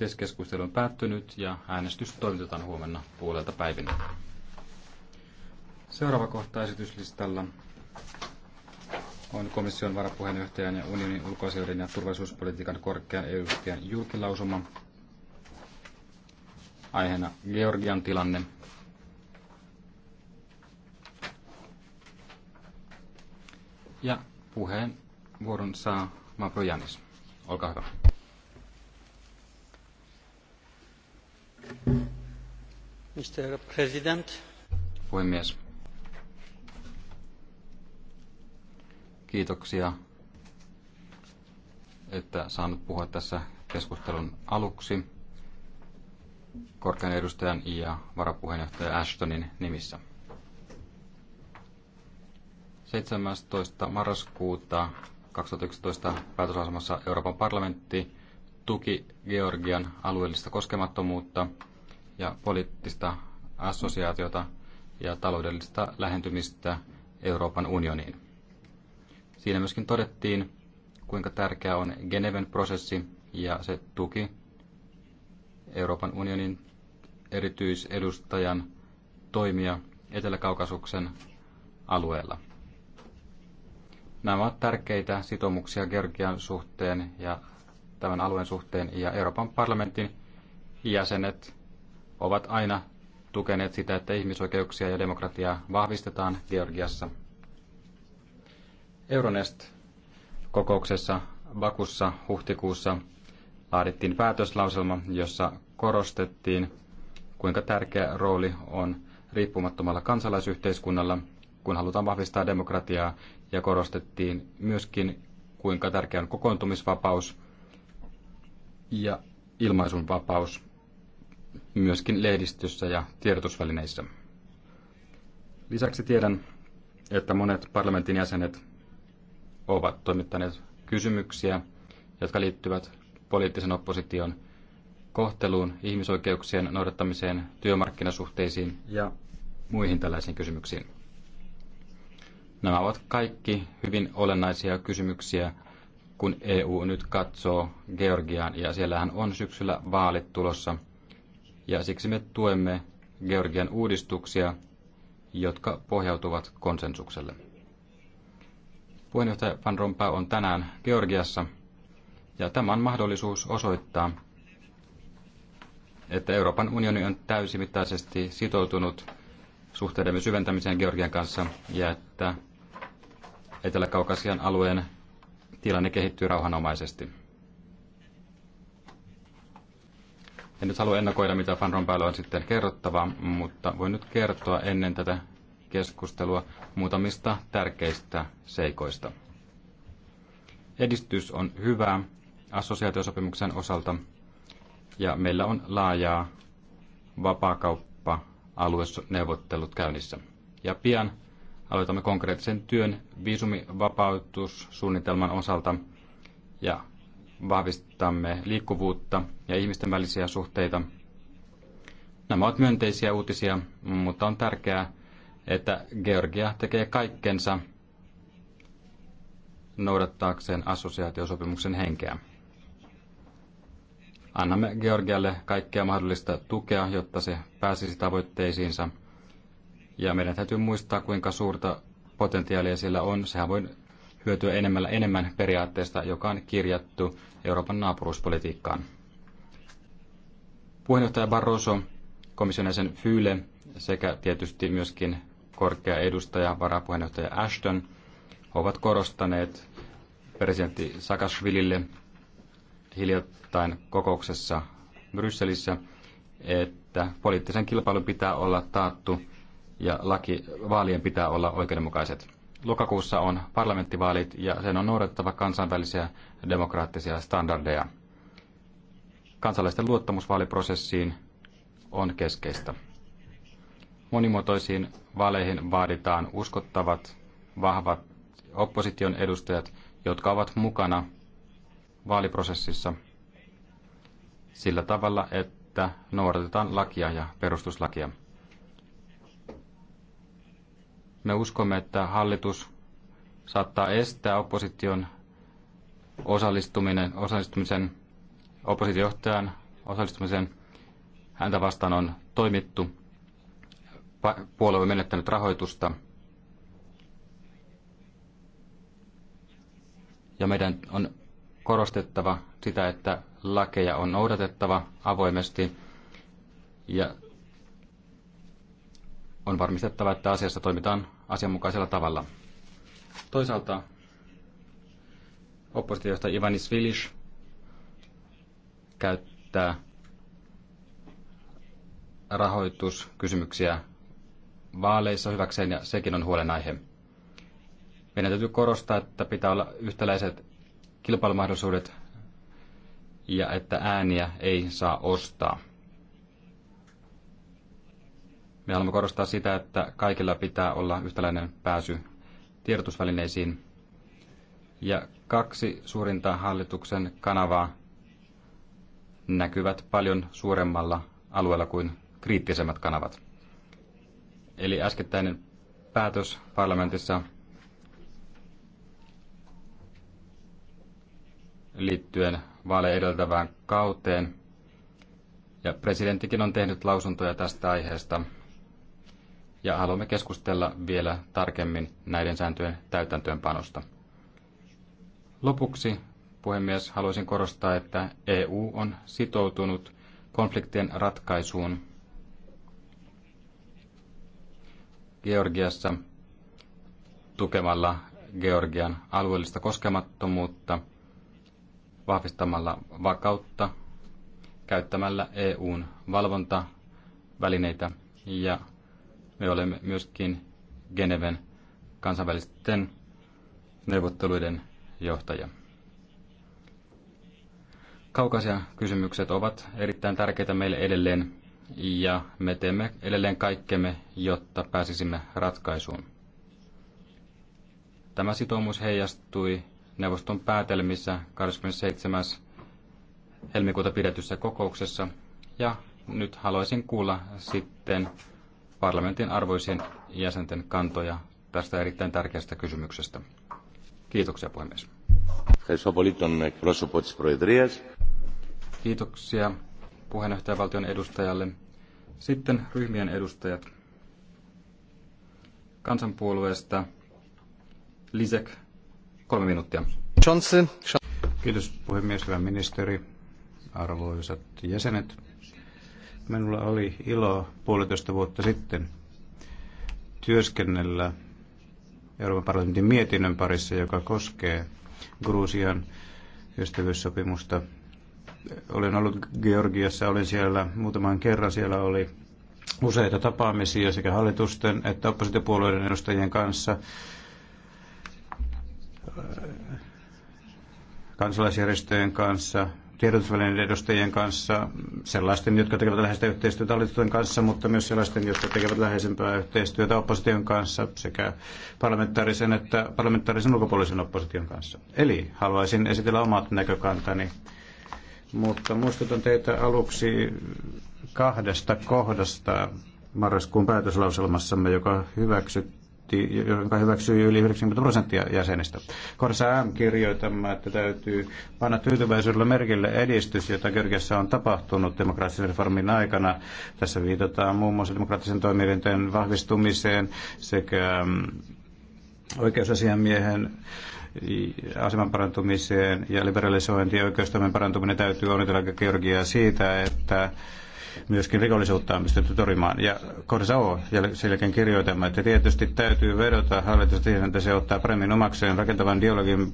Yhteiskeskustelu on päättynyt ja äänestys toimitetaan huomenna puolelta päivinä. Seuraava kohta esityslistalla on komission varapuheenjohtajan ja unionin ulkoasioiden ja turvallisuuspolitiikan korkean edustajan julkilausuma. Aiheena Georgian tilanne. Ja puheenvuoron saa Mavrojanis. Olkaa hyvä. Mr. President. Puhemies. Kiitoksia, että saan puhua tässä keskustelun aluksi korkean edustajan ja varapuheenjohtaja Ashtonin nimissä. 17. marraskuuta 2011 päätösasemassa Euroopan parlamentti tuki Georgian alueellista koskemattomuutta – ja poliittista assosiaatiota ja taloudellista lähentymistä Euroopan unioniin. Siinä myöskin todettiin, kuinka tärkeä on Geneven prosessi ja se tuki Euroopan unionin erityisedustajan toimia Etelä-Kaukasuksen alueella. Nämä ovat tärkeitä sitoumuksia Georgian suhteen ja tämän alueen suhteen ja Euroopan parlamentin jäsenet ovat aina tukeneet sitä, että ihmisoikeuksia ja demokratiaa vahvistetaan Georgiassa. Euronest-kokouksessa Bakussa huhtikuussa laadittiin päätöslauselma, jossa korostettiin, kuinka tärkeä rooli on riippumattomalla kansalaisyhteiskunnalla, kun halutaan vahvistaa demokratiaa, ja korostettiin myöskin, kuinka tärkeä on kokoontumisvapaus ja ilmaisunvapaus myöskin lehdistössä ja tiedotusvälineissä. Lisäksi tiedän, että monet parlamentin jäsenet ovat toimittaneet kysymyksiä, jotka liittyvät poliittisen opposition kohteluun, ihmisoikeuksien noudattamiseen, työmarkkinasuhteisiin ja muihin tällaisiin kysymyksiin. Nämä ovat kaikki hyvin olennaisia kysymyksiä, kun EU nyt katsoo Georgiaan, ja siellähän on syksyllä vaalit tulossa – ja siksi me tuemme Georgian uudistuksia, jotka pohjautuvat konsensukselle. Puheenjohtaja Van Rompuy on tänään Georgiassa, ja tämä on mahdollisuus osoittaa, että Euroopan unioni on täysimittaisesti sitoutunut suhteidemme syventämiseen Georgian kanssa ja että Etelä-Kaukasian alueen tilanne kehittyy rauhanomaisesti. En nyt halua ennakoida, mitä Van Rompuylle on sitten kerrottava, mutta voin nyt kertoa ennen tätä keskustelua muutamista tärkeistä seikoista. Edistys on hyvää assosiaatiosopimuksen osalta ja meillä on laajaa vapaakauppa-alueneuvottelut käynnissä. Ja pian aloitamme konkreettisen työn viisumivapautussuunnitelman osalta ja vahvistamme liikkuvuutta ja ihmisten välisiä suhteita. Nämä ovat myönteisiä uutisia, mutta on tärkeää, että Georgia tekee kaikkensa noudattaakseen assosiaatiosopimuksen henkeä. Annamme Georgialle kaikkea mahdollista tukea, jotta se pääsisi tavoitteisiinsa. Ja meidän täytyy muistaa, kuinka suurta potentiaalia sillä on. Sehän voi hyötyä enemmällä enemmän periaatteesta, joka on kirjattu Euroopan naapuruuspolitiikkaan. Puheenjohtaja Barroso, komission jäsen Fyle sekä tietysti myöskin korkea edustaja, varapuheenjohtaja Ashton ovat korostaneet presidentti Sakasvilille hiljattain kokouksessa Brysselissä, että poliittisen kilpailun pitää olla taattu ja laki, vaalien pitää olla oikeudenmukaiset lokakuussa on parlamenttivaalit ja sen on noudatettava kansainvälisiä demokraattisia standardeja. Kansalaisten luottamus vaaliprosessiin on keskeistä. Monimuotoisiin vaaleihin vaaditaan uskottavat, vahvat opposition edustajat, jotka ovat mukana vaaliprosessissa sillä tavalla, että noudatetaan lakia ja perustuslakia. Me uskomme, että hallitus saattaa estää opposition osallistuminen, osallistumisen, oppositiojohtajan osallistumisen. Häntä vastaan on toimittu. Puolue on menettänyt rahoitusta. Ja meidän on korostettava sitä, että lakeja on noudatettava avoimesti ja on varmistettava, että asiassa toimitaan asianmukaisella tavalla. Toisaalta oppositiosta Ivanis Vilish käyttää rahoituskysymyksiä vaaleissa hyväkseen ja sekin on huolenaihe. Meidän täytyy korostaa, että pitää olla yhtäläiset kilpailumahdollisuudet ja että ääniä ei saa ostaa. Me haluamme korostaa sitä, että kaikilla pitää olla yhtäläinen pääsy tiedotusvälineisiin. Ja kaksi suurinta hallituksen kanavaa näkyvät paljon suuremmalla alueella kuin kriittisemmät kanavat. Eli äskettäinen päätös parlamentissa liittyen vaaleja edeltävään kauteen. Ja presidenttikin on tehnyt lausuntoja tästä aiheesta ja haluamme keskustella vielä tarkemmin näiden sääntöjen täytäntöönpanosta. Lopuksi, puhemies, haluaisin korostaa, että EU on sitoutunut konfliktien ratkaisuun Georgiassa tukemalla Georgian alueellista koskemattomuutta, vahvistamalla vakautta, käyttämällä EUn valvontavälineitä ja me olemme myöskin Geneven kansainvälisten neuvotteluiden johtaja. Kaukaisia kysymykset ovat erittäin tärkeitä meille edelleen ja me teemme edelleen kaikkemme, jotta pääsisimme ratkaisuun. Tämä sitoumus heijastui neuvoston päätelmissä 27. helmikuuta pidetyssä kokouksessa ja nyt haluaisin kuulla sitten parlamentin arvoisien jäsenten kantoja tästä erittäin tärkeästä kysymyksestä. Kiitoksia puhemies. Kiitoksia puheenjohtajavaltion edustajalle. Sitten ryhmien edustajat. Kansanpuolueesta Lisek, kolme minuuttia. Johnson. Kiitos puhemies, hyvä ministeri, arvoisat jäsenet. Minulla oli ilo puolitoista vuotta sitten työskennellä Euroopan parlamentin mietinnön parissa, joka koskee Gruusian ystävyyssopimusta. Olen ollut Georgiassa, olin siellä muutaman kerran, siellä oli useita tapaamisia sekä hallitusten että oppositiopuolueiden edustajien kanssa. kansalaisjärjestöjen kanssa, tiedotusvälineiden edustajien kanssa, sellaisten, jotka tekevät läheistä yhteistyötä hallitusten kanssa, mutta myös sellaisten, jotka tekevät läheisempää yhteistyötä opposition kanssa sekä parlamentaarisen että parlamentaarisen ulkopuolisen opposition kanssa. Eli haluaisin esitellä omat näkökantani, mutta muistutan teitä aluksi kahdesta kohdasta marraskuun päätöslauselmassamme, joka hyväksyttiin parlamentti, jonka hyväksyy yli 90 prosenttia jäsenistä. Korsa M kirjoitamme, että täytyy panna tyytyväisyydellä merkille edistys, jota kyrkessä on tapahtunut demokraattisen reformin aikana. Tässä viitataan muun muassa demokraattisen toimielinten vahvistumiseen sekä mm, oikeusasiamiehen aseman parantumiseen ja liberalisointi ja oikeustoimen parantuminen täytyy onnitella Georgiaa siitä, että myöskin rikollisuutta on pystytty torjumaan. Ja Korsa O, sen jälkeen kirjoitamme, että tietysti täytyy vedota hallitusta siihen, että se ottaa paremmin omakseen rakentavan dialogin mm,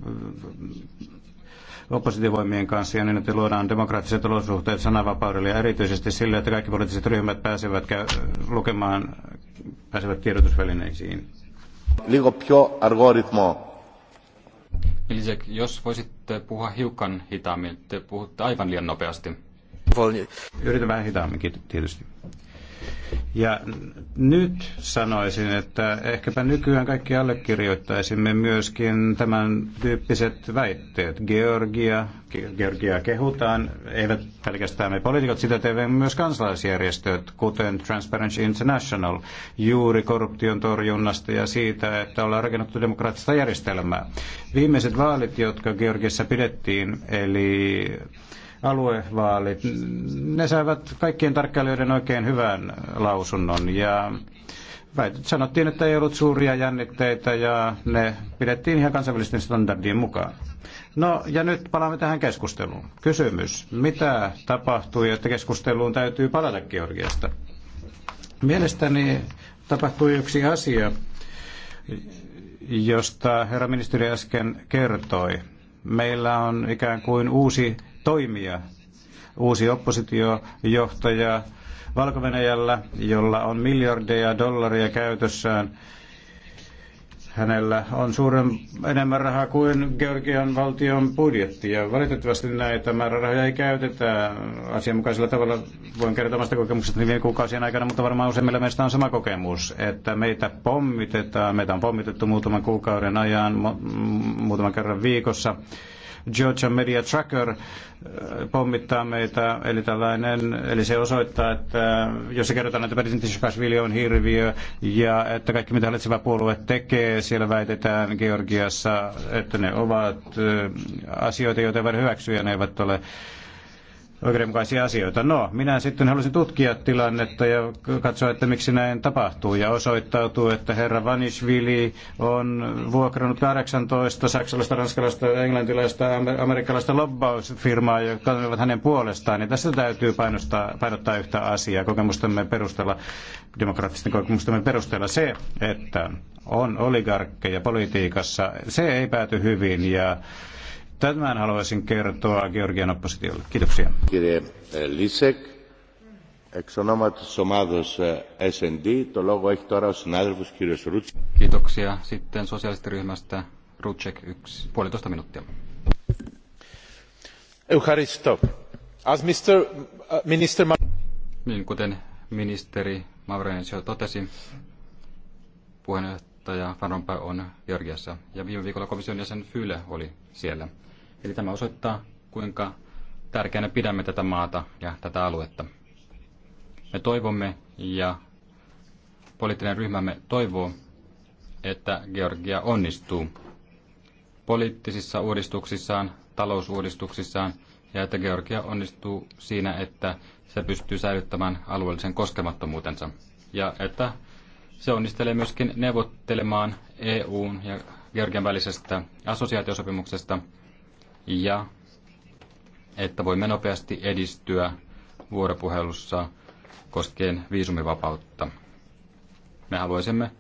oppositiovoimien kanssa ja niin, että luodaan demokraattiset olosuhteet sananvapaudelle ja erityisesti sille, että kaikki poliittiset ryhmät pääsevät käy- lukemaan, pääsevät tiedotusvälineisiin. Λίγο pio algoritmo Ilisek, jos voisitte puhua hiukan hitaammin, te puhutte aivan liian nopeasti. Yritän vähän hitaamminkin tietysti. Ja nyt sanoisin, että ehkäpä nykyään kaikki allekirjoittaisimme myöskin tämän tyyppiset väitteet. Georgia, Georgia kehutaan, eivät pelkästään me poliitikot, sitä tee myös kansalaisjärjestöt, kuten Transparency International, juuri korruption torjunnasta ja siitä, että ollaan rakennettu demokraattista järjestelmää. Viimeiset vaalit, jotka Georgiassa pidettiin, eli aluevaalit, ne saivat kaikkien tarkkailijoiden oikein hyvän lausunnon ja sanottiin, että ei ollut suuria jännitteitä ja ne pidettiin ihan kansainvälisten standardien mukaan. No ja nyt palaamme tähän keskusteluun. Kysymys, mitä tapahtui, että keskusteluun täytyy palata Georgiasta? Mielestäni tapahtui yksi asia, josta herra ministeri äsken kertoi. Meillä on ikään kuin uusi toimia. Uusi oppositiojohtaja valko jolla on miljardeja dollaria käytössään, hänellä on suuren enemmän rahaa kuin Georgian valtion budjetti. Ja valitettavasti näitä määrärahoja ei käytetä asianmukaisella tavalla. Voin kertoa omasta kokemuksesta niin viime kuukausien aikana, mutta varmaan useimmilla meistä on sama kokemus, että meitä pommitetaan. Meitä on pommitettu muutaman kuukauden ajan, mu- muutaman kerran viikossa. Georgia Media Tracker äh, pommittaa meitä, eli, tällainen, eli se osoittaa, että äh, jos se kerrotaan, että presidentti Shukashvili on hirviö ja että kaikki mitä hallitseva puolue tekee, siellä väitetään Georgiassa, että ne ovat äh, asioita, joita ei voida hyväksyä, ne eivät ole oikeudenmukaisia asioita. No, minä sitten halusin tutkia tilannetta ja katsoa, että miksi näin tapahtuu. Ja osoittautuu, että herra Vanishvili on vuokrannut 18 saksalaista, ranskalaista, englantilaista, amerikkalaista lobbausfirmaa, jotka ovat hänen puolestaan. Ja tässä täytyy painostaa, painottaa yhtä asiaa kokemustamme perusteella, demokraattisten kokemustamme perusteella se, että on oligarkkeja politiikassa. Se ei pääty hyvin ja Tämän haluaisin kertoa Georgian oppositiolle. Kiitoksia. Kirje Lisek, εξ ονόματος ομάδος S&D, Kiitoksia. Sitten sosialistiryhmästä Rutsek yksi, puolitoista minuuttia. Eucharisto. As Mr. Minister... Niin, kuten ministeri Mavronis jo totesi, puheenjohtaja Van Rompuy on Georgiassa ja viime viikolla komission jäsen Fyle oli siellä. Eli tämä osoittaa, kuinka tärkeänä pidämme tätä maata ja tätä aluetta. Me toivomme ja poliittinen ryhmämme toivoo, että Georgia onnistuu poliittisissa uudistuksissaan, talousuudistuksissaan ja että Georgia onnistuu siinä, että se pystyy säilyttämään alueellisen koskemattomuutensa. Ja että se onnistelee myöskin neuvottelemaan EUn ja Georgian välisestä assosiaatiosopimuksesta, ja että voimme nopeasti edistyä vuoropuhelussa koskien viisumivapautta. Me haluaisimme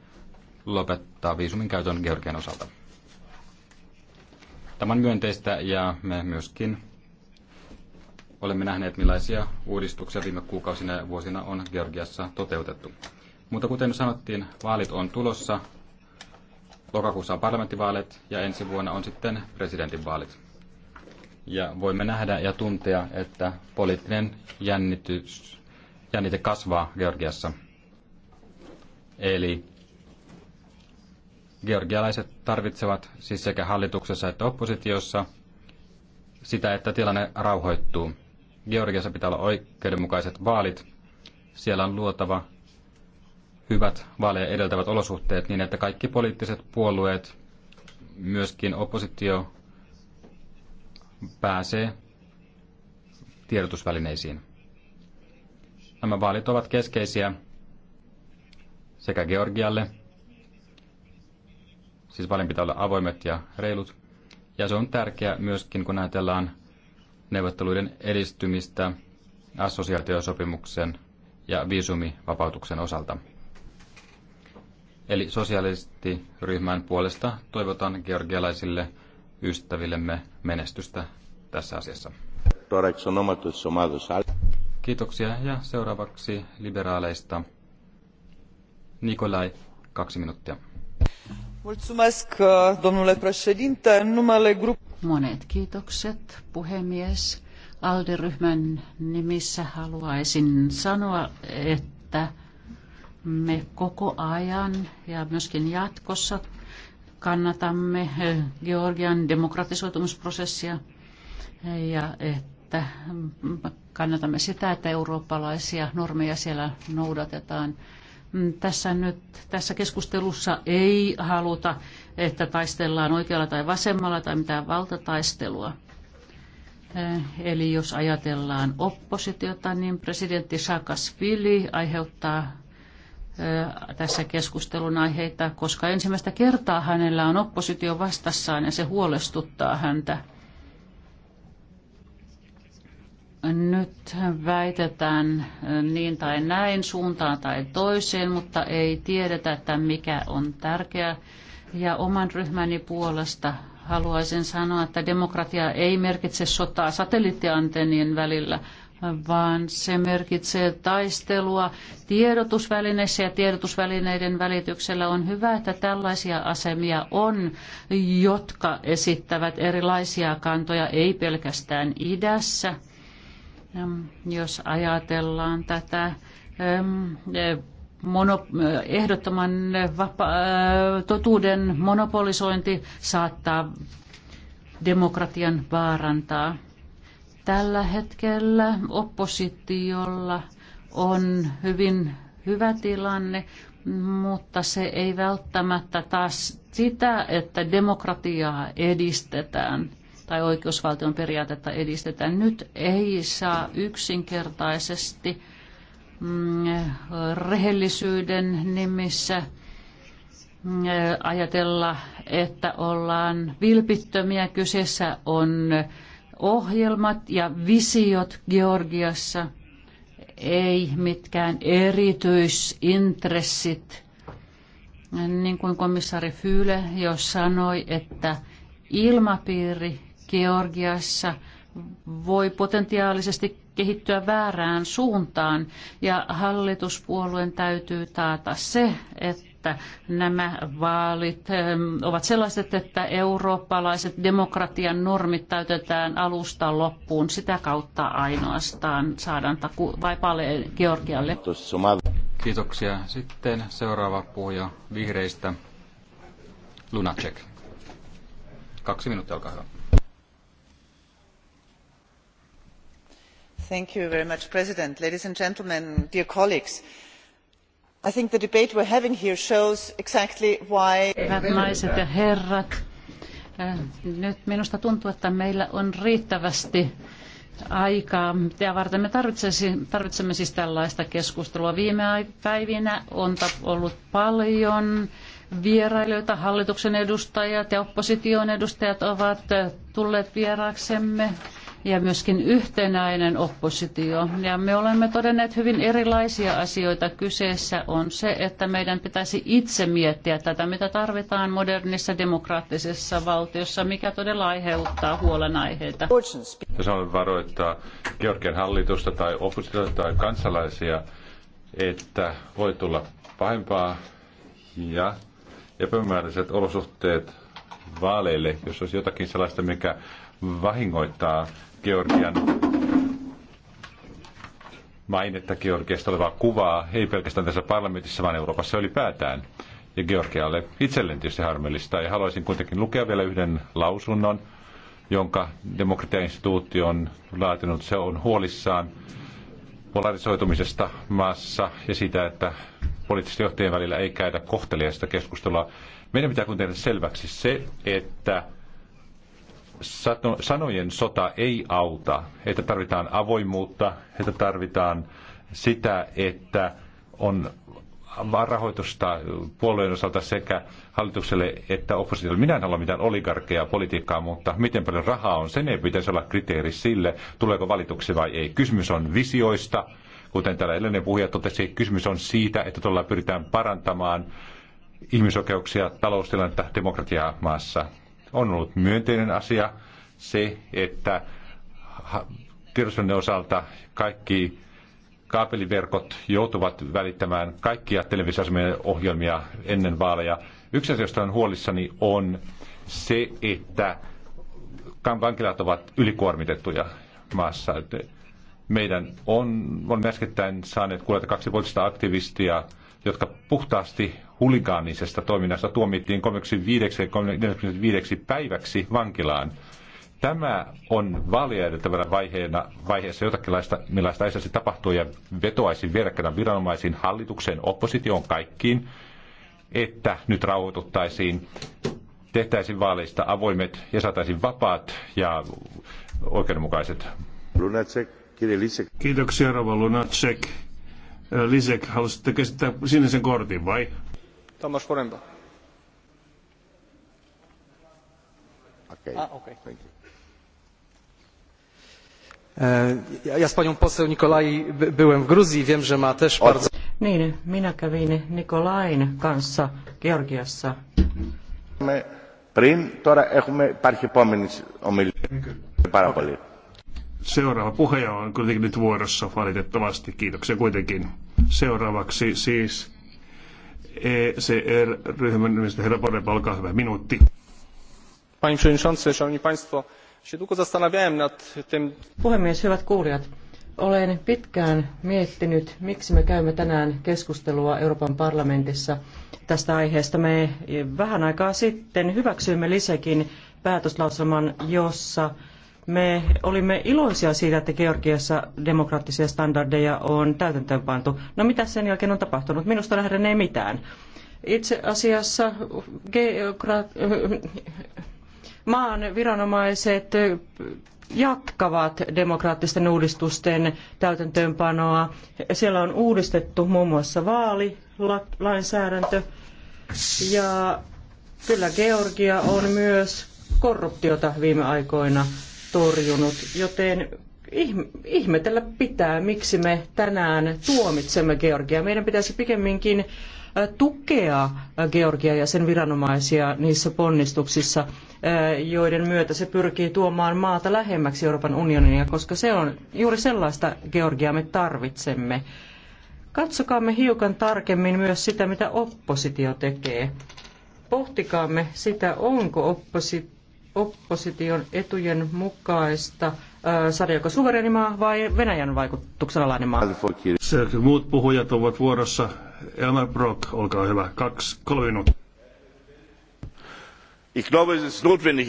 lopettaa viisumin käytön Georgian osalta. Tämä on myönteistä ja me myöskin olemme nähneet, millaisia uudistuksia viime kuukausina ja vuosina on Georgiassa toteutettu. Mutta kuten sanottiin, vaalit on tulossa. Lokakuussa on parlamenttivaalit ja ensi vuonna on sitten presidentinvaalit. Ja voimme nähdä ja tuntea, että poliittinen jännitys, jännite kasvaa Georgiassa. Eli georgialaiset tarvitsevat siis sekä hallituksessa että oppositiossa sitä, että tilanne rauhoittuu. Georgiassa pitää olla oikeudenmukaiset vaalit. Siellä on luotava hyvät vaaleja edeltävät olosuhteet niin, että kaikki poliittiset puolueet, myöskin oppositio pääsee tiedotusvälineisiin. Nämä vaalit ovat keskeisiä sekä Georgialle, siis vaalin pitää olla avoimet ja reilut, ja se on tärkeää myöskin, kun ajatellaan neuvotteluiden edistymistä assosiaatiosopimuksen ja viisumivapautuksen osalta. Eli sosialistiryhmän puolesta toivotan georgialaisille ystävillemme menestystä tässä asiassa. Kiitoksia ja seuraavaksi liberaaleista Nikolai, kaksi minuuttia. Mulțumesc, domnule președinte, în numele grup... Monet kiitokset, puhemies. Alderyhmän nimissä haluaisin sanoa, että me koko ajan ja myöskin jatkossa kannatamme eh, Georgian demokratisoitumisprosessia ja että kannatamme sitä, että eurooppalaisia normeja siellä noudatetaan. Mm, tässä, nyt, tässä keskustelussa ei haluta, että taistellaan oikealla tai vasemmalla tai mitään valtataistelua. Eh, eli jos ajatellaan oppositiota, niin presidentti Saakasvili aiheuttaa tässä keskustelun aiheita, koska ensimmäistä kertaa hänellä on oppositio vastassaan ja se huolestuttaa häntä. Nyt väitetään niin tai näin suuntaan tai toiseen, mutta ei tiedetä, että mikä on tärkeää. Ja oman ryhmäni puolesta haluaisin sanoa, että demokratia ei merkitse sotaa satelliittiantennien välillä, vaan se merkitsee taistelua tiedotusvälineissä ja tiedotusvälineiden välityksellä on hyvä, että tällaisia asemia on, jotka esittävät erilaisia kantoja, ei pelkästään idässä. Jos ajatellaan tätä mono, ehdottoman vapa- totuuden monopolisointi saattaa demokratian vaarantaa. Tällä hetkellä oppositiolla on hyvin hyvä tilanne, mutta se ei välttämättä taas sitä, että demokratiaa edistetään tai oikeusvaltion periaatetta edistetään. Nyt ei saa yksinkertaisesti mm, rehellisyyden nimissä mm, ajatella, että ollaan vilpittömiä. Kyseessä on ohjelmat ja visiot Georgiassa, ei mitkään erityisintressit. Niin kuin komissaari Fyle jo sanoi, että ilmapiiri Georgiassa voi potentiaalisesti kehittyä väärään suuntaan ja hallituspuolueen täytyy taata se, että että nämä vaalit ähm, ovat sellaiset, että eurooppalaiset demokratian normit täytetään alusta loppuun. Sitä kautta ainoastaan saadaan taku vai paljon Georgialle. Kiitoksia. Sitten seuraava puhuja vihreistä, Lunacek. Kaksi minuuttia, olkaa hyvä. Thank you very much, President. Ladies and gentlemen, dear colleagues. I think the debate we're having here shows exactly why... Hyvät naiset ja herrat, äh, nyt minusta tuntuu, että meillä on riittävästi aikaa, mitä varten me tarvitsemme siis tällaista keskustelua. Viime päivinä on ollut paljon vierailijoita, hallituksen edustajat ja opposition edustajat ovat äh, tulleet vieraaksemme ja myöskin yhtenäinen oppositio. Ja me olemme todenneet hyvin erilaisia asioita. Kyseessä on se, että meidän pitäisi itse miettiä tätä, mitä tarvitaan modernissa demokraattisessa valtiossa, mikä todella aiheuttaa huolenaiheita. Jos haluan varoittaa Georgian hallitusta tai oppositiota tai kansalaisia, että voi tulla pahempaa ja epämääräiset olosuhteet vaaleille, jos olisi jotakin sellaista, mikä vahingoittaa Georgian mainetta Georgiasta olevaa kuvaa, ei pelkästään tässä parlamentissa, vaan Euroopassa ylipäätään. Ja Georgialle itselleen tietysti harmillista. Ja haluaisin kuitenkin lukea vielä yhden lausunnon, jonka Demokratiainstituutti on laatinut. Se on huolissaan polarisoitumisesta maassa ja siitä, että poliittisten johtajien välillä ei käydä kohteliaista keskustelua. Meidän pitää kuitenkin tehdä selväksi se, että sanojen sota ei auta. Heitä tarvitaan avoimuutta, heitä tarvitaan sitä, että on rahoitusta puolueen osalta sekä hallitukselle että oppositiolle. Minä en halua mitään oligarkkeja politiikkaa, mutta miten paljon rahaa on, sen ei pitäisi olla kriteeri sille, tuleeko valituksi vai ei. Kysymys on visioista, kuten täällä edellinen puhuja totesi, kysymys on siitä, että tuolla pyritään parantamaan ihmisoikeuksia, taloustilannetta, demokratiaa maassa on ollut myönteinen asia se, että tiedotusvälineen osalta kaikki kaapeliverkot joutuvat välittämään kaikkia televisioasemien ohjelmia ennen vaaleja. Yksi asia, josta on huolissani, on se, että vankilat ovat ylikuormitettuja maassa. Meidän on, on äskettäin saaneet kuulla kaksi poliittista aktivistia, jotka puhtaasti huligaanisesta toiminnasta tuomittiin 35, 45 päiväksi vankilaan. Tämä on vaaliedeltävänä vaiheena, vaiheessa jotakinlaista, millaista ei tapahtuu ja vetoaisin verkkana viranomaisiin, hallitukseen, oppositioon, kaikkiin, että nyt rauhoituttaisiin, tehtäisiin vaaleista avoimet ja saataisiin vapaat ja oikeudenmukaiset. Lunacek, Kiitoksia, Rova Lunacek. Lisek, haluaisitte käsittää sinisen kortin vai? E, ja z panią poseł nicolai byłem w gruzji wiem że ma też bardzo. niin minä kävin nicolain kanssa georgiassa. Πριν, τώρα έχουμε, υπάρχει επόμενη ομιλία. Πάρα πολύ. Seuraava puhuja on kuitenkin nyt vuorossa valitettavasti. Kiitoksia kuitenkin. Seuraavaksi siis ECR-ryhmän nimestä herra Poreba, olkaa hyvä, minuutti. Panie przewodniczący, szanowni państwo, się długo zastanawiałem nad tym... Puhemies, hyvät kuulijat. Olen pitkään miettinyt, miksi me käymme tänään keskustelua Euroopan parlamentissa tästä aiheesta. Me vähän aikaa sitten hyväksyimme lisäkin päätöslauselman, jossa me olimme iloisia siitä, että Georgiassa demokraattisia standardeja on täytäntöönpantu. No mitä sen jälkeen on tapahtunut? Minusta lähden ei mitään. Itse asiassa geogra- maan viranomaiset jatkavat demokraattisten uudistusten täytäntöönpanoa. Siellä on uudistettu muun muassa vaalilainsäädäntö ja kyllä Georgia on myös korruptiota viime aikoina torjunut, joten ihmetellä pitää, miksi me tänään tuomitsemme Georgiaa. Meidän pitäisi pikemminkin äh, tukea Georgiaa ja sen viranomaisia niissä ponnistuksissa, äh, joiden myötä se pyrkii tuomaan maata lähemmäksi Euroopan unionia, koska se on juuri sellaista Georgiaa me tarvitsemme. Katsokaamme hiukan tarkemmin myös sitä, mitä oppositio tekee. Pohtikaamme sitä, onko oppositio opposition etujen mukaista sarjako suverenimaa vai Venäjän vaikutuksen alainen maa? Selkeä. Muut puhujat ovat vuorossa. Elmar Brock, olkaa hyvä. Kaksi, kolme minuuttia.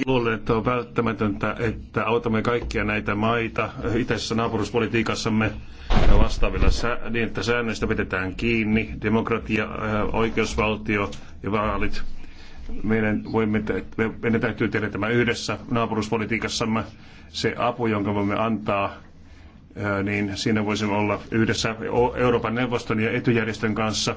Luulen, että on välttämätöntä, että autamme kaikkia näitä maita itäisessä naapuruspolitiikassamme vastaavilla niin, että säännöistä pidetään kiinni, demokratia, oikeusvaltio ja vaalit meidän, voimme, meidän täytyy tehdä tämä yhdessä naapuruspolitiikassamme. Se apu, jonka voimme antaa, niin siinä voisimme olla yhdessä Euroopan neuvoston ja etujärjestön kanssa.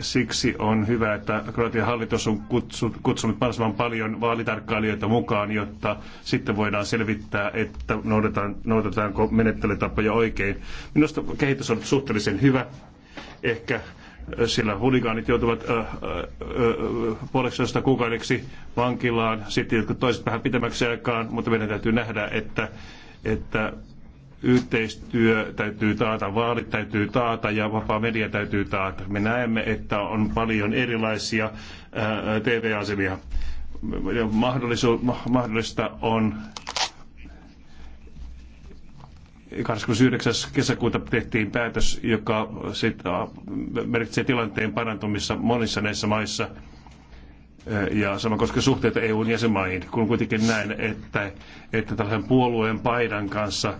Siksi on hyvä, että Kroatian hallitus on kutsut, kutsunut mahdollisimman paljon vaalitarkkailijoita mukaan, jotta sitten voidaan selvittää, että noudatetaan, noudatetaanko menettelytapoja oikein. Minusta kehitys on suhteellisen hyvä. Ehkä sillä huligaanit joutuvat äh, äh, äh, puoleksitoista kuukaudeksi vankilaan, sitten jotkut toiset vähän pitemmäksi aikaan, mutta meidän täytyy nähdä, että, että yhteistyö täytyy taata, vaalit täytyy taata ja vapaa media täytyy taata. Me näemme, että on paljon erilaisia TV-asemia. Mahdollisu- mahdollista on 29. kesäkuuta tehtiin päätös, joka sit, merkitsee tilanteen parantumissa monissa näissä maissa. Ja sama koskee suhteita EUn jäsenmaihin, kun kuitenkin näen, että, että tällaisen puolueen paidan kanssa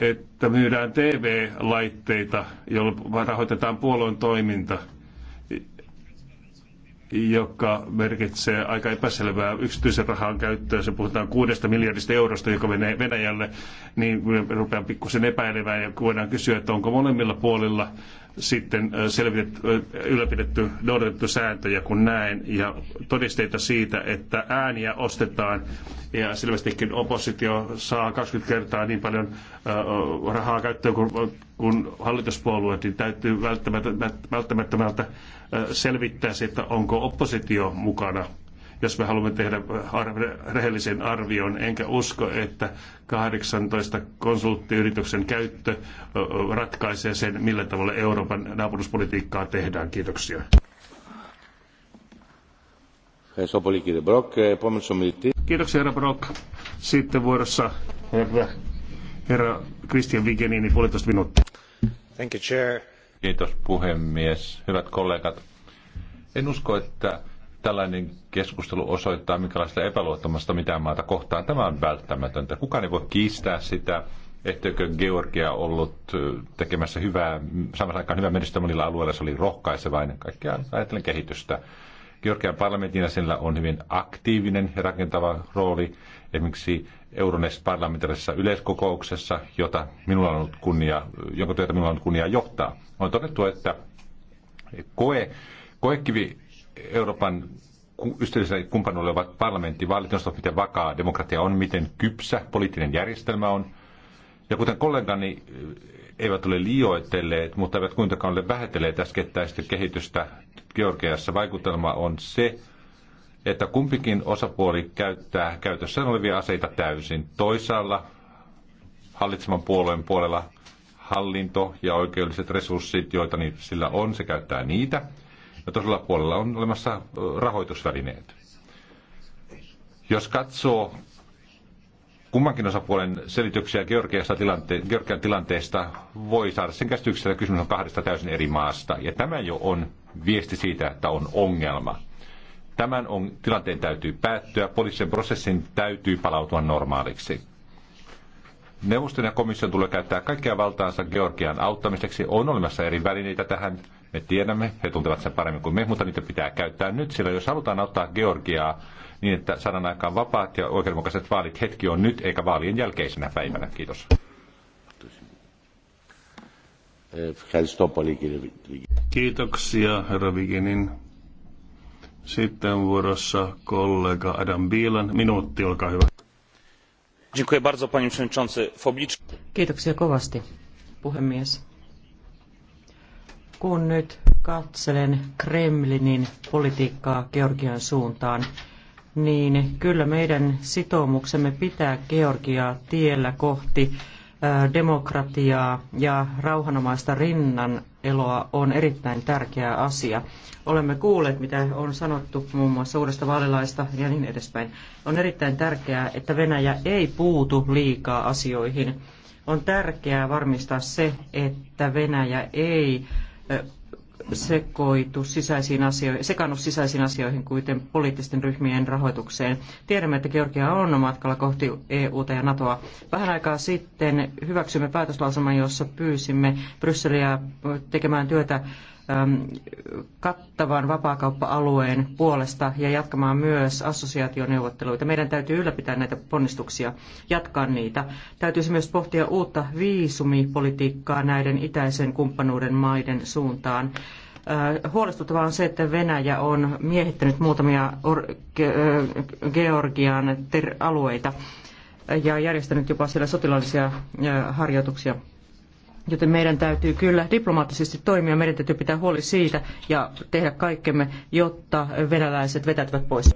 että myydään TV-laitteita, joilla rahoitetaan puolueen toiminta – joka merkitsee aika epäselvää yksityisen rahan käyttöä. Se puhutaan kuudesta miljardista eurosta, joka menee Venäjälle, niin rupean pikkusen epäilemään ja voidaan kysyä, että onko molemmilla puolilla sitten selvitetty, ylläpidetty, noudatettu sääntöjä kuin näin ja todisteita siitä, että ääniä ostetaan ja selvästikin oppositio saa 20 kertaa niin paljon rahaa käyttöön kuin, kuin hallituspuolueet, niin täytyy välttämättä, välttämättömältä selvittää se, että onko oppositio mukana jos me haluamme tehdä äh, rehellisen arvion. Enkä usko, että 18 konsulttiyrityksen käyttö ratkaisee sen, millä tavalla Euroopan naapuruspolitiikkaa tehdään. Kiitoksia. Kiitoksia, herra Brock. Sitten vuorossa herra, herra Christian Vigenini, puolitoista minuuttia. Thank you, chair. Kiitos puhemies. Hyvät kollegat, en usko, että tällainen keskustelu osoittaa, minkälaista epäluottamusta mitään maata kohtaan. Tämä on välttämätöntä. Kukaan ei voi kiistää sitä, etteikö Georgia ollut tekemässä hyvää, samassa aikaan hyvää menestystä monilla alueilla. Se oli rohkaiseva kaikkea ajatellen kehitystä. Georgian parlamentin sillä on hyvin aktiivinen ja rakentava rooli esimerkiksi Euronest parlamentaarisessa yleiskokouksessa, jota minulla on ollut kunnia, jonka työtä minulla on ollut kunnia johtaa. On todettu, että koe, koekivi Euroopan ystävälliselle kumppanuille ovat parlamentti, valtioneuvosto, miten vakaa demokratia on, miten kypsä poliittinen järjestelmä on. Ja kuten kollegani eh, eivät ole liioitelleet, mutta eivät kuitenkaan ole vähätelleet äskettäistä kehitystä Georgiassa, vaikutelma on se, että kumpikin osapuoli käyttää käytössään olevia aseita täysin. Toisaalla hallitseman puolueen puolella hallinto ja oikeudelliset resurssit, joita sillä on, se käyttää niitä – ja toisella puolella on olemassa rahoitusvälineet. Jos katsoo kummankin osapuolen selityksiä Georgiasta tilante- Georgian tilanteesta, voi saada sen käsityksen, että kysymys on kahdesta täysin eri maasta. Ja tämä jo on viesti siitä, että on ongelma. Tämän on, tilanteen täytyy päättyä, poliittisen prosessin täytyy palautua normaaliksi. Neuvoston ja komission tulee käyttää kaikkea valtaansa Georgian auttamiseksi. On olemassa eri välineitä tähän me tiedämme, he tuntevat sen paremmin kuin me, mutta niitä pitää käyttää nyt, sillä jos halutaan auttaa Georgiaa niin, että saadaan aikaan vapaat ja oikeudenmukaiset vaalit, hetki on nyt eikä vaalien jälkeisenä päivänä. Kiitos. Kiitoksia, herra Viginin. Sitten vuorossa kollega Adam Bielan. Minuutti, olkaa hyvä. Dziękuję bardzo, panie przewodniczący. Kiitoksia kovasti, puhemies kun nyt katselen Kremlinin politiikkaa Georgian suuntaan, niin kyllä meidän sitoumuksemme pitää Georgiaa tiellä kohti demokratiaa ja rauhanomaista rinnan eloa on erittäin tärkeä asia. Olemme kuulleet, mitä on sanottu muun muassa uudesta vaalilaista ja niin edespäin. On erittäin tärkeää, että Venäjä ei puutu liikaa asioihin. On tärkeää varmistaa se, että Venäjä ei äh, sekoitus sisäisiin asioihin, sekannut sisäisiin asioihin kuten poliittisten ryhmien rahoitukseen. Tiedämme, että Georgia on matkalla kohti EUta ja NATOa. Vähän aikaa sitten hyväksymme päätöslauselman, jossa pyysimme Brysseliä tekemään työtä Ähm, kattavan vapaakauppa-alueen puolesta ja jatkamaan myös assosiaationeuvotteluita. Meidän täytyy ylläpitää näitä ponnistuksia, jatkaa niitä. Täytyisi myös pohtia uutta viisumipolitiikkaa näiden itäisen kumppanuuden maiden suuntaan. Äh, huolestuttavaa on se, että Venäjä on miehittänyt muutamia äh, Georgian alueita ja järjestänyt jopa siellä sotilaallisia äh, harjoituksia. Joten meidän täytyy kyllä diplomaattisesti toimia, meidän täytyy pitää huoli siitä ja tehdä kaikkemme, jotta venäläiset vetäytyvät pois.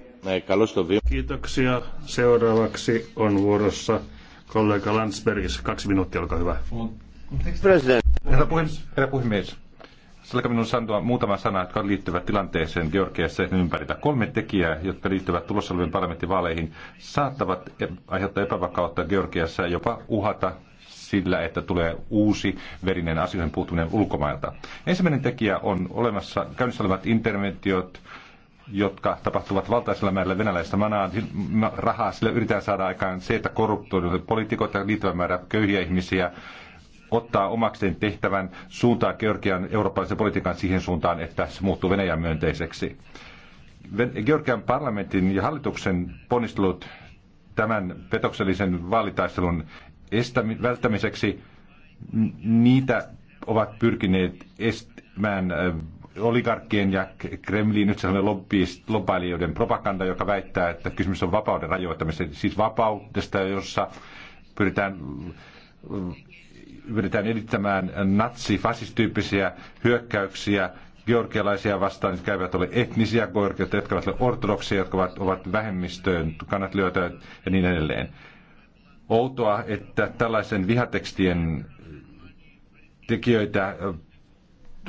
Kiitoksia. Seuraavaksi on vuorossa kollega Landsbergis. Kaksi minuuttia, olkaa hyvä. Herra, puhemies, herra puhemies, Sillä minun sanoa muutama sana, jotka liittyvät tilanteeseen Georgiassa ja ympärillä. Kolme tekijää, jotka liittyvät tulossa olevien parlamenttivaaleihin, saattavat aiheuttaa epävakautta Georgiassa ja jopa uhata sillä, että tulee uusi verinen asioiden puuttuminen ulkomailta. Ensimmäinen tekijä on olemassa käynnissä olevat interventiot, jotka tapahtuvat valtaisella määrällä venäläistä manaa, rahaa, sillä yritetään saada aikaan se, että korruptoidut poliitikot ja liittyvä määrä köyhiä ihmisiä ottaa omakseen tehtävän suuntaa Georgian eurooppalaisen politiikan siihen suuntaan, että se muuttuu Venäjän myönteiseksi. Georgian parlamentin ja hallituksen ponnistelut tämän petoksellisen vaalitaistelun estämi, välttämiseksi niitä ovat pyrkineet estämään oligarkkien ja Kremlin nyt sellainen lobbailijoiden propaganda, joka väittää, että kysymys on vapauden rajoittamisesta, siis vapaudesta, jossa pyritään pyritään edittämään natsi hyökkäyksiä georgialaisia vastaan, jotka eivät ole etnisiä georgioita, jotka ovat ortodoksia, jotka ovat, ovat vähemmistöön kannat lyötä ja niin edelleen outoa, että tällaisen vihatekstien tekijöitä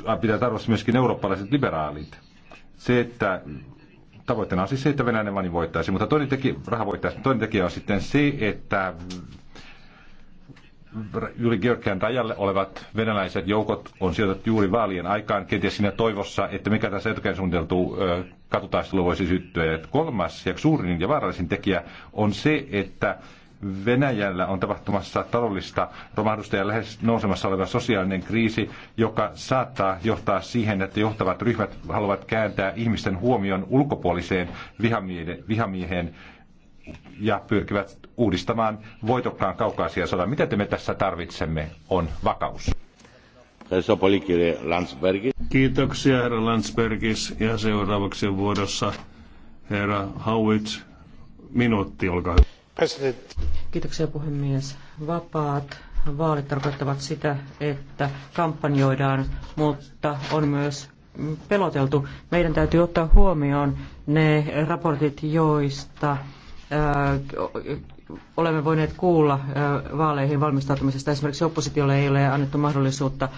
äh, pitää tarvassa myöskin eurooppalaiset liberaalit. Se, että tavoitteena on siis se, että Venäjän vani voittaisi, mutta toinen tekijä, raha voittaisi, toinen tekijä on sitten se, että juuri Georgian rajalle olevat venäläiset joukot on sijoitettu juuri vaalien aikaan, kenties siinä toivossa, että mikä tässä etukäteen suunniteltu äh, katutaistelu voisi syttyä. Ja kolmas ja suurin ja vaarallisin tekijä on se, että Venäjällä on tapahtumassa taloudellista romahdusta ja lähes nousemassa oleva sosiaalinen kriisi, joka saattaa johtaa siihen, että johtavat ryhmät haluavat kääntää ihmisten huomion ulkopuoliseen vihamieheen ja pyrkivät uudistamaan voitokkaan kaukaisia sodan. Mitä te me tässä tarvitsemme on vakaus. Kiitoksia herra Landsbergis ja seuraavaksi vuodossa herra Howitt. Minuutti, olkaa hyvä. President. Kiitoksia puhemies. Vapaat vaalit tarkoittavat sitä, että kampanjoidaan, mutta on myös peloteltu. Meidän täytyy ottaa huomioon ne raportit, joista olemme voineet kuulla vaaleihin valmistautumisesta. Esimerkiksi oppositiolle ei ole annettu mahdollisuutta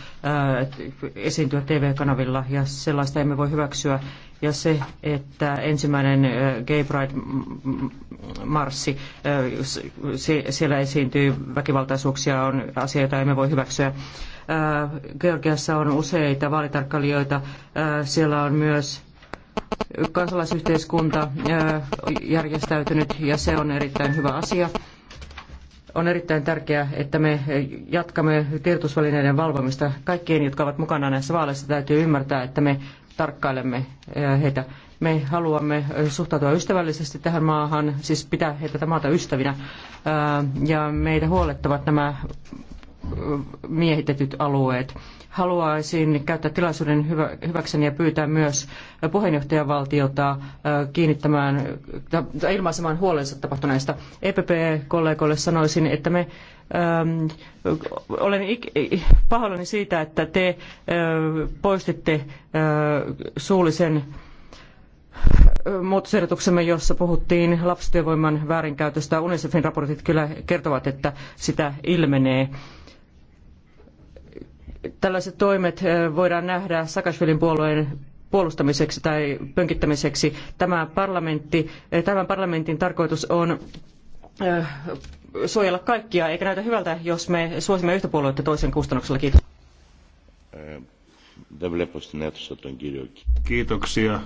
esiintyä TV-kanavilla ja sellaista emme voi hyväksyä. Ja se, että ensimmäinen Gay Pride-marssi, siellä esiintyy väkivaltaisuuksia, on asia, jota emme voi hyväksyä. Georgiassa on useita vaalitarkkailijoita. Siellä on myös kansalaisyhteiskunta järjestäytynyt ja se on erittäin hyvä asia. On erittäin tärkeää, että me jatkamme tiedotusvälineiden valvomista. Kaikkien, jotka ovat mukana näissä vaaleissa, täytyy ymmärtää, että me tarkkailemme heitä. Me haluamme suhtautua ystävällisesti tähän maahan, siis pitää heitä maata ystävinä. Ja meitä huolettavat nämä miehitetyt alueet. Haluaisin käyttää tilaisuuden hyvä, hyväkseni ja pyytää myös puheenjohtajavaltiota kiinnittämään tai ilmaisemaan huolensa tapahtuneesta. EPP-kollegoille sanoisin, että me ähm, olen ik- pahoillani siitä, että te poistitte äh, suullisen muutosehdotuksemme, jossa puhuttiin lapsityövoiman väärinkäytöstä. UNICEFin raportit kyllä kertovat, että sitä ilmenee tällaiset toimet voidaan nähdä Sakashvilin puolueen puolustamiseksi tai pönkittämiseksi. Tämä parlamentti, tämän parlamentin tarkoitus on suojella kaikkia, eikä näytä hyvältä, jos me suosimme yhtä puoluetta toisen kustannuksella. Kiitos. Kiitoksia.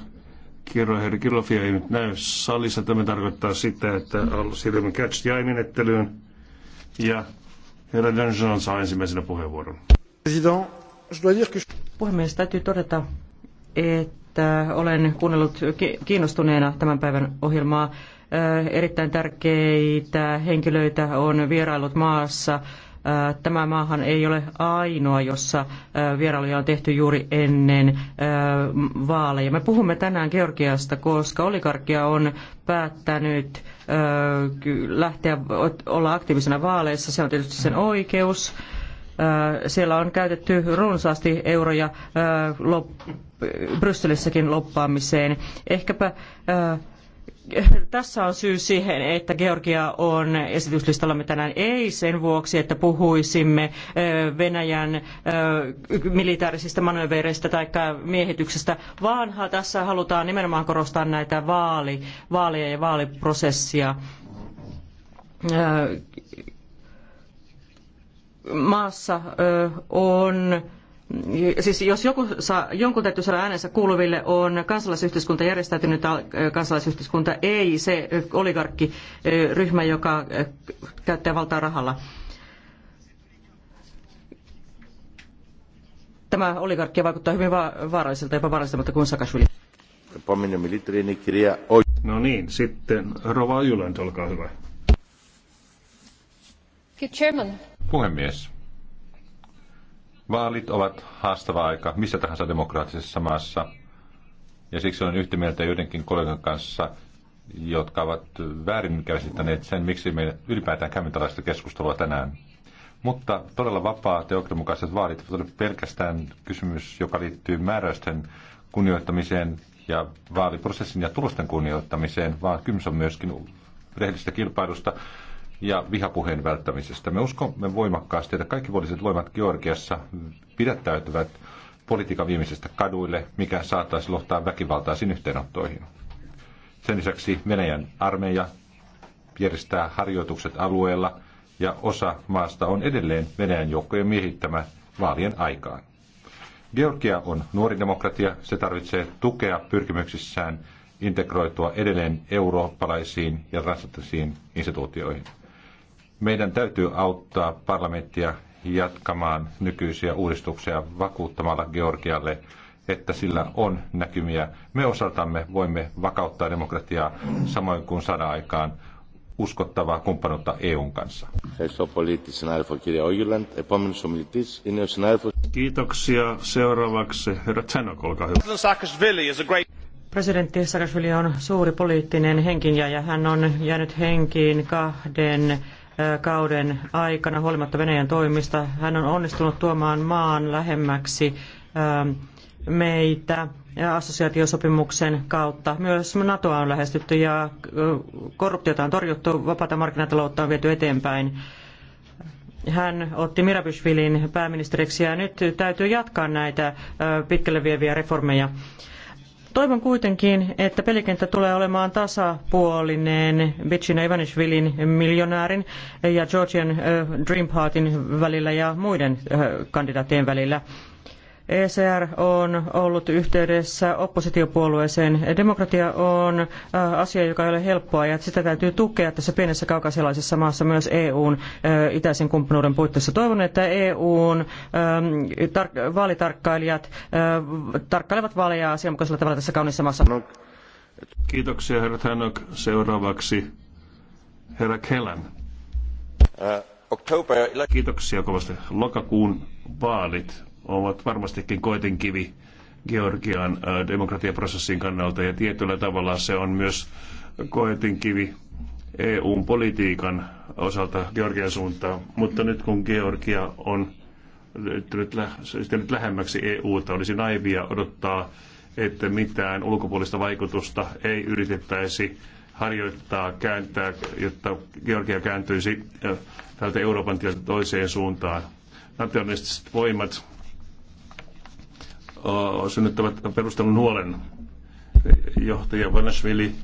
Kirro Herri Kilofia ei nyt näy salissa. Tämä tarkoittaa sitä, että siirrymme catch menettelyyn ja herra Dungeon saa ensimmäisenä puheenvuoron. Puhemies, täytyy todeta, että olen kuunnellut kiinnostuneena tämän päivän ohjelmaa. Äh, erittäin tärkeitä henkilöitä on vierailut maassa. Äh, tämä maahan ei ole ainoa, jossa äh, vierailuja on tehty juuri ennen vaaleja. Me puhumme tänään Georgiasta, koska oligarkia on päättänyt lähteä olla aktiivisena vaaleissa. Se on tietysti sen oikeus Äh, siellä on käytetty runsaasti euroja äh, Brysselissäkin loppaamiseen. Ehkäpä äh, tässä on syy siihen, että Georgia on esityslistallamme tänään ei sen vuoksi, että puhuisimme Venäjän militaarisista manövereistä tai miehityksestä, vaan tässä halutaan nimenomaan korostaa näitä vaali, vaaleja ja vaaliprosessia maassa on Siis jos joku saa, jonkun täytyy saada äänensä kuuluville, on kansalaisyhteiskunta järjestäytynyt kansalaisyhteiskunta, ei se oligarkkiryhmä, joka käyttää valtaa rahalla. Tämä oligarkki vaikuttaa hyvin vaaralliselta, jopa vaarallisemmalta kuin Sakashvili. No niin, sitten Rova Jylönt, olkaa hyvä. Puhemies. Vaalit ovat haastava aika missä tahansa demokraattisessa maassa. Ja siksi olen yhtä mieltä joidenkin kollegan kanssa, jotka ovat väärinkäsittäneet sen, miksi me ylipäätään käymme tällaista keskustelua tänään. Mutta todella vapaat ja vaalit ovat pelkästään kysymys, joka liittyy määräysten kunnioittamiseen ja vaaliprosessin ja tulosten kunnioittamiseen, vaan kysymys on myöskin rehellisestä kilpailusta, ja vihapuheen välttämisestä. Me uskomme voimakkaasti, että kaikki poliittiset voimat Georgiassa pidättäytyvät politiikan viimeisestä kaduille, mikä saattaisi lohtaa väkivaltaisiin yhteenottoihin. Sen lisäksi Venäjän armeija järjestää harjoitukset alueella ja osa maasta on edelleen Venäjän joukkojen miehittämä vaalien aikaan. Georgia on nuori demokratia, se tarvitsee tukea pyrkimyksissään integroitua edelleen eurooppalaisiin ja transatlanttisiin instituutioihin. Meidän täytyy auttaa parlamenttia jatkamaan nykyisiä uudistuksia vakuuttamalla Georgialle, että sillä on näkymiä. Me osaltamme voimme vakauttaa demokratiaa samoin kuin saada aikaan uskottavaa kumppanuutta EUn kanssa. Kiitoksia. Seuraavaksi herra Tsenok, olkaa hyvä. Presidentti Saakashvili on suuri poliittinen ja Hän on jäänyt henkiin kahden kauden aikana huolimatta Venäjän toimista. Hän on onnistunut tuomaan maan lähemmäksi ähm, meitä assosiaatiosopimuksen kautta. Myös NATOa on lähestytty ja äh, korruptiota on torjuttu, vapaata markkinataloutta on viety eteenpäin. Hän otti Mirabishvilin pääministeriksi ja nyt täytyy jatkaa näitä äh, pitkälle vieviä reformeja. Toivon kuitenkin, että pelikenttä tulee olemaan tasapuolinen Bitchin Ivanishvilin miljonäärin ja Georgian eh, Dream Partin välillä ja muiden eh, kandidaattien välillä. ECR on ollut yhteydessä oppositiopuolueeseen. Demokratia on äh, asia, joka ei ole helppoa ja sitä täytyy tukea tässä pienessä kaukasialaisessa maassa myös EUn äh, itäisen kumppanuuden puitteissa. Toivon, että EUn ähm, vaalitarkkailijat äh, tarkkailevat vaaleja asianmukaisella tavalla tässä kauniissa maassa. Kiitoksia, herra Tänök. Seuraavaksi herra Kelan. Kiitoksia kovasti. Lokakuun vaalit ovat varmastikin koetinkivi Georgian äh, demokratiaprosessin kannalta ja tietyllä tavalla se on myös koetinkivi EUn politiikan osalta Georgian suuntaan. Mutta nyt kun Georgia on nyt lähemmäksi EUta, olisi naivia odottaa, että mitään ulkopuolista vaikutusta ei yritettäisi harjoittaa, kääntää, jotta Georgia kääntyisi äh, tältä Euroopan tieltä toiseen suuntaan. Nationalistiset voimat synnyttävät perustelun huolen. Johtaja Vanashvili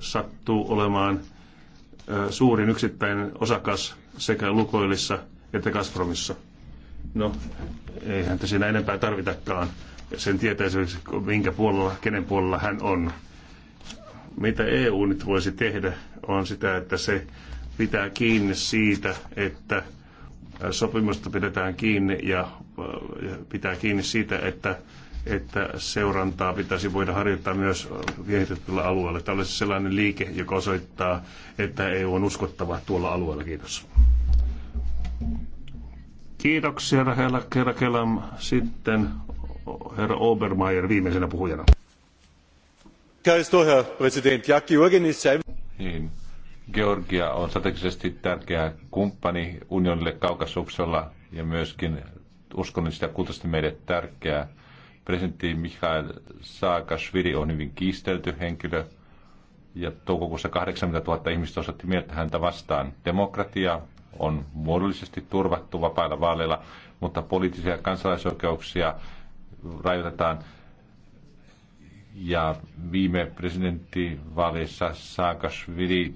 sattuu olemaan suurin yksittäinen osakas sekä Lukoilissa että Gazpromissa. No, eihän te siinä enempää tarvitakaan. Sen tietäisi, minkä puolella, kenen puolella hän on. Mitä EU nyt voisi tehdä, on sitä, että se pitää kiinni siitä, että sopimusta pidetään kiinni ja pitää kiinni siitä, että että seurantaa pitäisi voida harjoittaa myös viehitettyllä alueella. Tämä olisi sellainen liike, joka osoittaa, että EU on uskottava tuolla alueella. Kiitos. Kiitoksia, herra, herra Kelam. Sitten herra Obermeier viimeisenä puhujana. Niin. Georgia on strategisesti tärkeä kumppani unionille kaukasuksella ja myöskin uskonnollisesti ja kulttuurisesti meille tärkeää Presidentti Mikhail Saakashvili on hyvin kiistelty henkilö ja toukokuussa 80 000 ihmistä osoitti mieltä häntä vastaan. Demokratia on muodollisesti turvattu vapailla vaaleilla, mutta poliittisia kansalaisoikeuksia rajoitetaan. Ja viime presidenttivaaleissa Saakashvili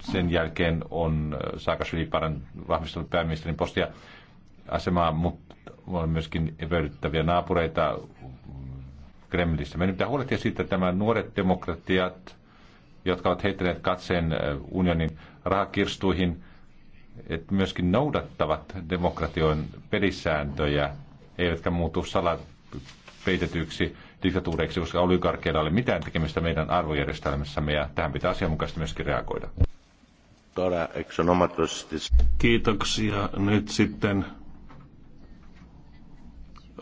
sen jälkeen on Saakashvili vahvistanut pääministerin postia asemaa, mutta on myöskin epäilyttäviä naapureita Kremlissä. Meidän pitää huolehtia siitä, että nämä nuoret demokratiat, jotka ovat heittäneet katseen unionin rahakirstuihin, että myöskin noudattavat demokratioin pelisääntöjä, eivätkä muutu salapeitetyiksi diktatuureiksi, koska oligarkeilla oli mitään tekemistä meidän arvojärjestelmässämme, ja tähän pitää asianmukaisesti myöskin reagoida. Kiitoksia. Nyt sitten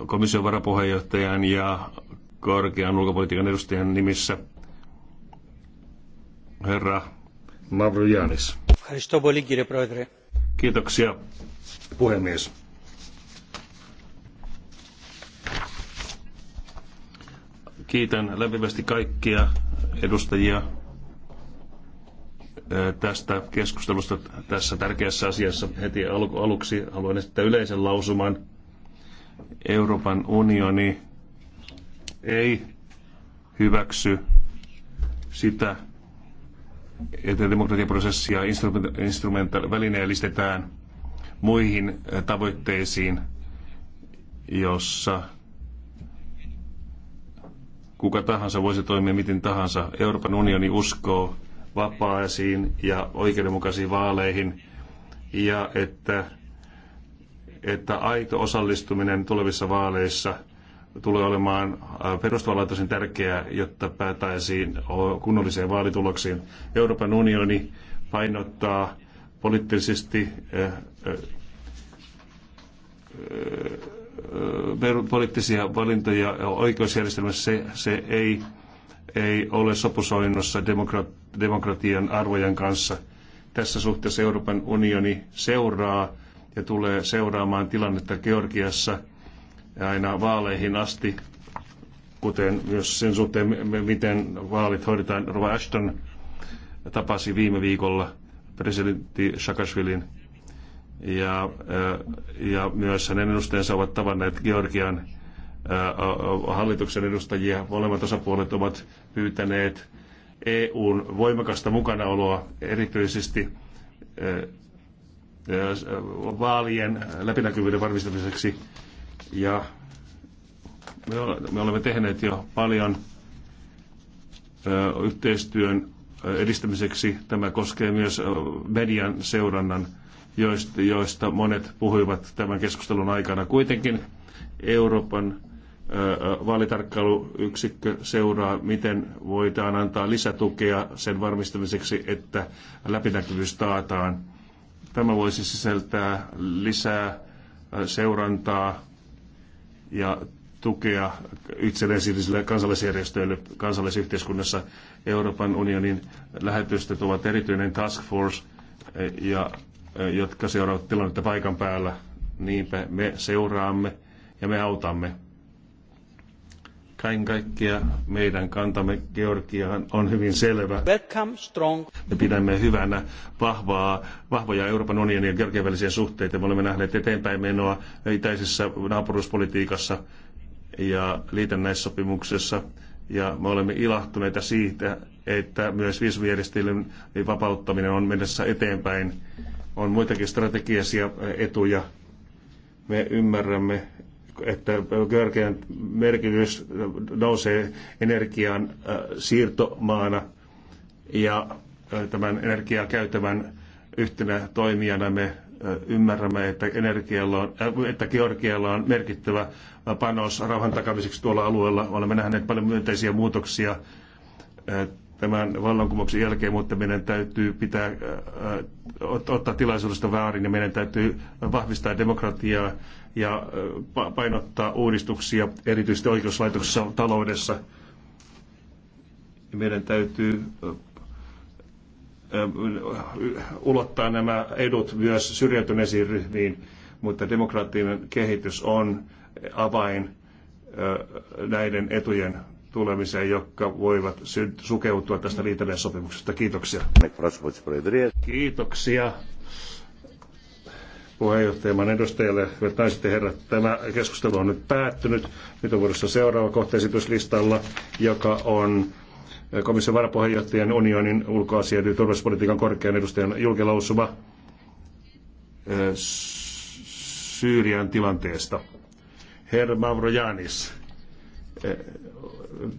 komission varapuheenjohtajan ja korkean ulkopolitiikan edustajan nimissä herra Mavrojanis. Kiitoksia puhemies. Kiitän lämpimästi kaikkia edustajia tästä keskustelusta tässä tärkeässä asiassa. Heti aluksi haluan esittää yleisen lausuman Euroopan unioni ei hyväksy sitä, että demokratiaprosessia instrumenta- välineellistetään muihin äh, tavoitteisiin, jossa kuka tahansa voisi toimia miten tahansa. Euroopan unioni uskoo vapaisiin ja oikeudenmukaisiin vaaleihin ja että että aito osallistuminen tulevissa vaaleissa tulee olemaan äh, perustavanlaatuisen tärkeää, jotta päätäisiin kunnolliseen vaalituloksiin. Euroopan unioni painottaa poliittisesti äh, äh, poliittisia valintoja oikeusjärjestelmässä se, se ei, ei ole sopusoinnossa demokratian arvojen kanssa. Tässä suhteessa Euroopan unioni seuraa ja tulee seuraamaan tilannetta Georgiassa aina vaaleihin asti, kuten myös sen suhteen, miten vaalit hoidetaan. Rova Ashton tapasi viime viikolla presidentti Shakashvilin ja, äh, ja myös hänen edustajansa ovat tavanneet Georgian äh, hallituksen edustajia. Molemmat osapuolet ovat pyytäneet EUn voimakasta mukanaoloa erityisesti äh, vaalien läpinäkyvyyden varmistamiseksi. Ja me olemme tehneet jo paljon yhteistyön edistämiseksi. Tämä koskee myös median seurannan, joista monet puhuivat tämän keskustelun aikana. Kuitenkin Euroopan vaalitarkkailuyksikkö seuraa, miten voidaan antaa lisätukea sen varmistamiseksi, että läpinäkyvyys taataan Tämä voisi sisältää lisää seurantaa ja tukea itsenäisille kansallisjärjestöille kansallisyhteiskunnassa. Euroopan unionin lähetystöt ovat erityinen task force, ja, jotka seuraavat tilannetta paikan päällä. Niinpä me seuraamme ja me autamme Kaiken kaikkiaan meidän kantamme Georgiaan on hyvin selvä. Welcome strong. Me pidämme hyvänä vahvaa, vahvoja Euroopan unionin ja Georgian välisiä suhteita. Me olemme nähneet eteenpäin menoa itäisessä naapuruuspolitiikassa ja liitännäissopimuksessa. Ja me olemme ilahtuneita siitä, että myös viisumijärjestelyn vapauttaminen on mennessä eteenpäin. On muitakin strategisia etuja. Me ymmärrämme, että Georgian merkitys nousee energian äh, siirtomaana ja äh, tämän energiaa käytävän yhtenä toimijana me äh, ymmärrämme, että, energialla on, että Georgialla on merkittävä panos rauhan takamiseksi tuolla alueella. Olemme nähneet paljon myönteisiä muutoksia tämän vallankumouksen jälkeen, mutta meidän täytyy pitää, äh, äh, ottaa tilaisuudesta väärin ja meidän täytyy vahvistaa demokratiaa ja äh, painottaa uudistuksia erityisesti oikeuslaitoksessa taloudessa. Meidän täytyy ulottaa nämä edut myös syrjäytyneisiin ryhmiin, mutta demokraattinen kehitys on avain näiden etujen tulemiseen, jotka voivat sukeutua tästä sopimuksesta. Kiitoksia. Kiitoksia puheenjohtajamaan edustajalle, hyvät naiset ja herrat. Tämä keskustelu on nyt päättynyt. Nyt on vuorossa seuraava kohteesityslistalla, joka on komission varapuheenjohtajan unionin ulkoasian ja turvallisuuspolitiikan korkean edustajan julkilausuma äh, Syyrian tilanteesta. Herra Mavrojanis, äh, puhemies